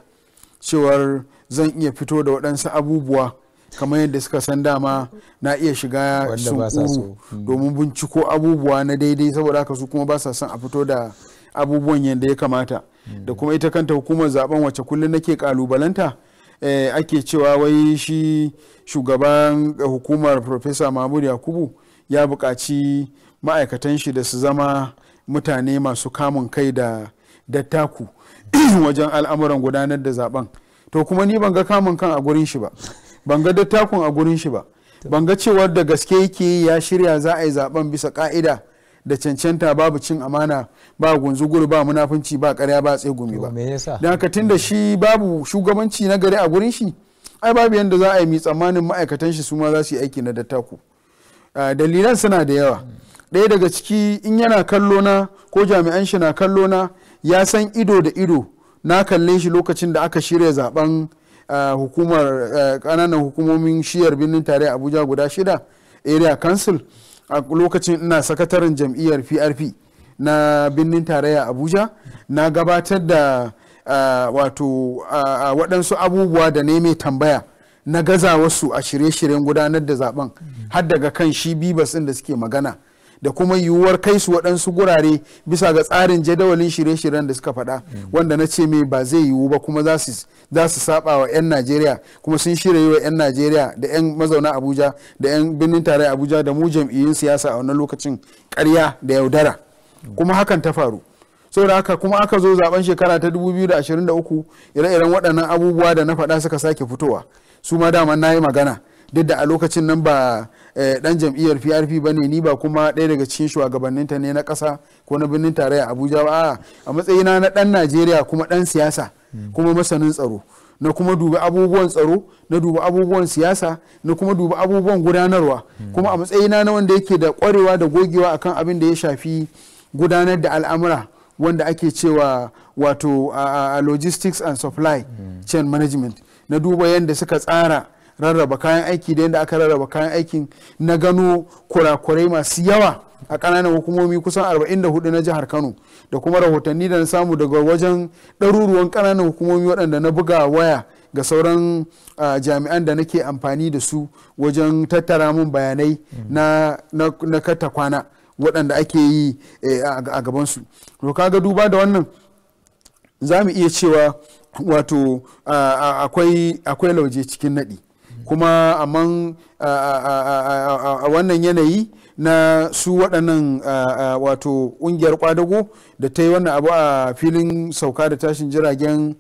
Speaker 2: cewar zan iya fito da waɗansu abubuwa kamar yadda suka san dama na iya shiga sunkuru hmm. domin binciko abubuwa na daidai saboda haka su kuma ba sa son a fito da abubuwan yadda ya kamata hmm. da kuma ita kanta hukumar zaben wacce kullum nake kalubalanta eh, ake cewa wai shi shugaban eh, hukumar profesa mahmud yakubu ya buƙaci ma'aikatan shi da su zama mutane masu kamun kai da dattaku *clears throat* wajen al'amuran gudanar da zaben to kuma ni ban ga kamun kan a gurin shi ba ban ga dattakun a gurin shi ba ban ga cewar da gaske yake ya shirya za a yi zaben bisa ka'ida da cancanta babu cin amana ba gunzuguru ba munafunci ba karya ba tsegumi ba don haka da shi babu shugabanci na gari a gurin shi ai babu yadda za a yi mi tsammanin ma'aikatan shi su ma za su yi aiki na dattaku Ah, dalilan suna da yawa ɗaya daga ciki in yana kallo na ko jami'an shi na kallo na ya san ido da ido na kalle shi lokacin da aka shirya zaben ah, hukumar kananan ah, hukumomin shiyar birnin tare abuja guda shida area council a lokacin ina sakataren jam'iyyar prp na birnin tarayya abuja na gabatar da wato waɗansu abubuwa da ne mai tambaya na gaza wasu a shirye-shiryen gudanar da zaben har daga kan shi bibas da suke magana da kuma yiwuwar kai su waɗansu gurare bisa ga tsarin jadawalin shirye-shiryen da suka faɗa wanda na ce mai ba zai yiwu ba kuma za su saba wa 'yan najeriya kuma sun shirya yi wa 'yan najeriya da 'yan mazauna abuja da 'yan birnin tare abuja da mu jam'iyyun siyasa a wannan lokacin karya da yaudara kuma hakan ta faru saboda haka kuma aka zo zaben shekara ta 2023 ire-iren waɗannan abubuwa da na faɗa suka sake fitowa su ma dama na yi magana duk da a lokacin nan ba dan eh, jam'iyyar prp ba ne ni ba kuma ɗaya daga cikin shugabanninta ne na ƙasa ko na birnin tarayya abuja ba a matsayina na ɗan najeriya kuma ɗan siyasa hmm. kuma masanin tsaro na kuma dubi abubuwan tsaro na dubi abubuwan siyasa na kuma dubi abubuwan gudanarwa hmm. kuma a matsayina na wanda yake da kwarewa da gogewa akan abin da ya shafi gudanar da al'amura wanda ake cewa wato a logistics and supply hmm. chain management na duba yadda suka tsara rarraba kayan aiki da yadda aka rarraba kayan aikin na gano kurakurai masu yawa a ƙananan hukumomi kusan 44 na jihar kano da kuma rahotanni da na samu daga wajen ɗaruruwan ƙananan hukumomi waɗanda na buga waya ga sauran jami'an da nake amfani da su wajen tattara min bayanai na, na, kata kwana waɗanda ake yi eh, a gabansu to ga duba da wannan za mu iya cewa wato akwai lauje cikin naɗi kuma a wannan yanayi na su waɗannan wato ƙungiyar kwadago da ta yi wannan abu a filin sauka da tashin jiragen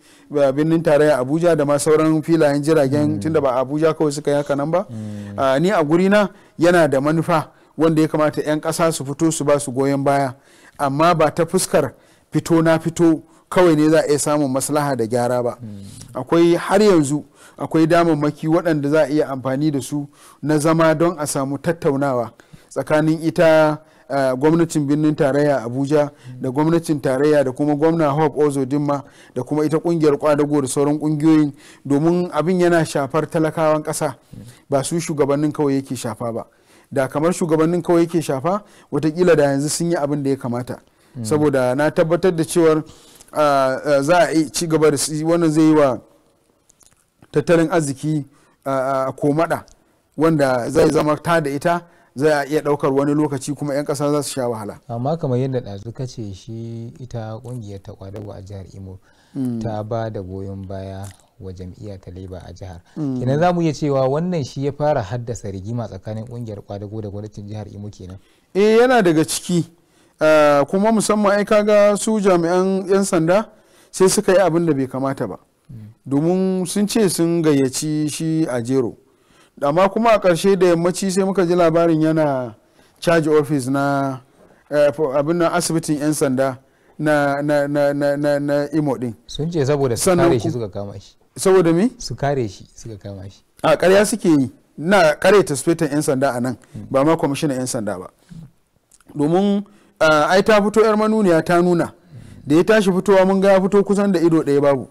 Speaker 2: birnin tarayya abuja da ma sauran filayen jiragen mm. tunda ba abuja kawai suka yaka nan ba mm. ni a gurina yana da manufa wanda ya kamata 'yan ƙasa su fito su ba su goyon baya amma ba ta fuskar fito na fito kawai ne za a iya samun maslaha da gyara ba akwai har yanzu akwai damammaki waɗanda za a iya amfani da su na zama don a samu tattaunawa tsakanin ita gwamnatin birnin tarayya abuja da gwamnatin tarayya da kuma gwamna hope ozo dimma da kuma ita kungiyar kwadago da sauran kungiyoyin domin abin yana shafar talakawan ƙasa ba su shugabannin kawai yake shafa ba da kamar shugabannin kawai yake shafa watakila da yanzu sun yi abin da ya kamata saboda na tabbatar da cewar za a ci gaba da wannan zai yi wa tattalin arziki komada wanda zai zama ta da ita zai a iya daukar wani lokaci kuma 'yan kasa za su sha wahala
Speaker 1: amma kamar yadda ɗazu ka ce shi ita kungiyar ta kwadago a jihar imo mm. ta ba da goyon baya wa jam'iyya ta Laiba a jihar mm. kenan za mu iya cewa wannan shi ya fara haddasa rigima tsakanin kungiyar kwadago da gwamnatin jihar imo kenan
Speaker 2: eh yana daga ciki Eh, kuma musamman ai kaga su jami'an 'yan sanda sai suka yi abin da bai kamata ba domin sun ce sun gayyaci shi a jero amma kuma a ƙarshe da yammaci sai muka ji labarin yana caji ofis na eh, abin asibitin 'yan sanda na na na na na na imo din sun ce saboda su kare shi suka kama shi saboda me su kare shi
Speaker 1: suka kama shi
Speaker 2: a ƙarya suke yi na kare tasfetan 'yan sanda a nan ba ma kwamishinan 'yan sanda ba domin ai ta fito yar manuniya ta nuna da ya tashi fitowa mun ga ya fito kusan da ido ɗaya babu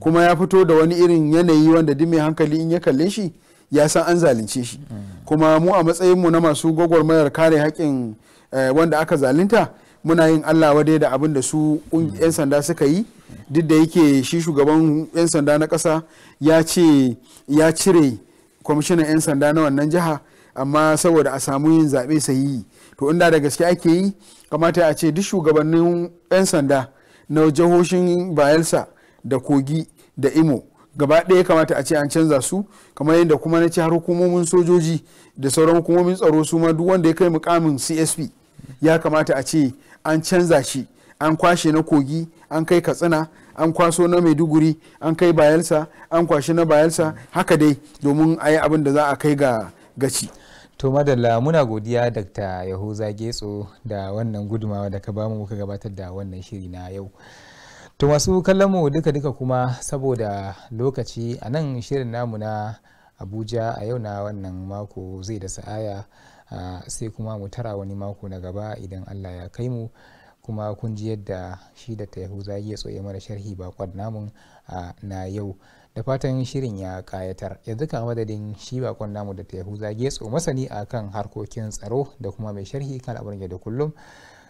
Speaker 2: kuma ya fito da wani irin yanayi wanda duk mai hankali in ya kalle shi ya san an zalunce shi kuma mu a matsayin mu na masu gwagwarmayar kare haƙƙin eh, wanda aka zalunta muna yin allah wa da abin da su 'yan sanda suka yi duk da yake shi shugaban 'yan sanda na kasa ya ce ya cire kwamishinan 'yan sanda na wannan jiha amma saboda a samu yin zaɓe sahihi to inda da gaske ake yi kamata a ce duk shugabannin 'yan sanda na jihohin bayelsa da kogi da imo gaba ɗaya kamata a ce an canza su kamar yadda kuma na ci har hukumomin sojoji da sauran hukumomin tsaro su ma duk wanda ya kai mukamin csp ya kamata a ce an canza shi an kwashe na kogi an kai katsina an kwaso na maiduguri
Speaker 1: an kai bayelsa an kwashe na bayelsa haka dai domin a yi abin da za a kai ga gaci to madalla muna godiya dr yahuza getso da wannan gudumawa da ka bamu mu gabatar da wannan shiri na yau to masu kallon mu duka duka kuma saboda lokaci a nan shirin namu na abuja a yau na wannan mako zai da sa'aya sai kuma mu tara wani mako na gaba idan allah ya kai mu kuma kun ji yadda shi da ta yahuza ya mara mana sharhi bakon namun na yau da fatan shirin ya kayatar yanzu kan madadin shi bakon namu da ta yahuza getso masani a kan harkokin tsaro da kuma mai sharhi kan abin da kullum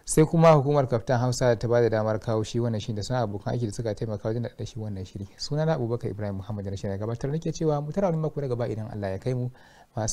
Speaker 1: sai kuma hukumar kaftan hausa ta ba da damar kawo shi wannan shi da suna abokan aiki da suka taimaka wajen da shi wannan shiri suna na abubakar ibrahim muhammad na shirin gabatar nake cewa mu tara wani mako daga gaba idan allah ya kai mu ma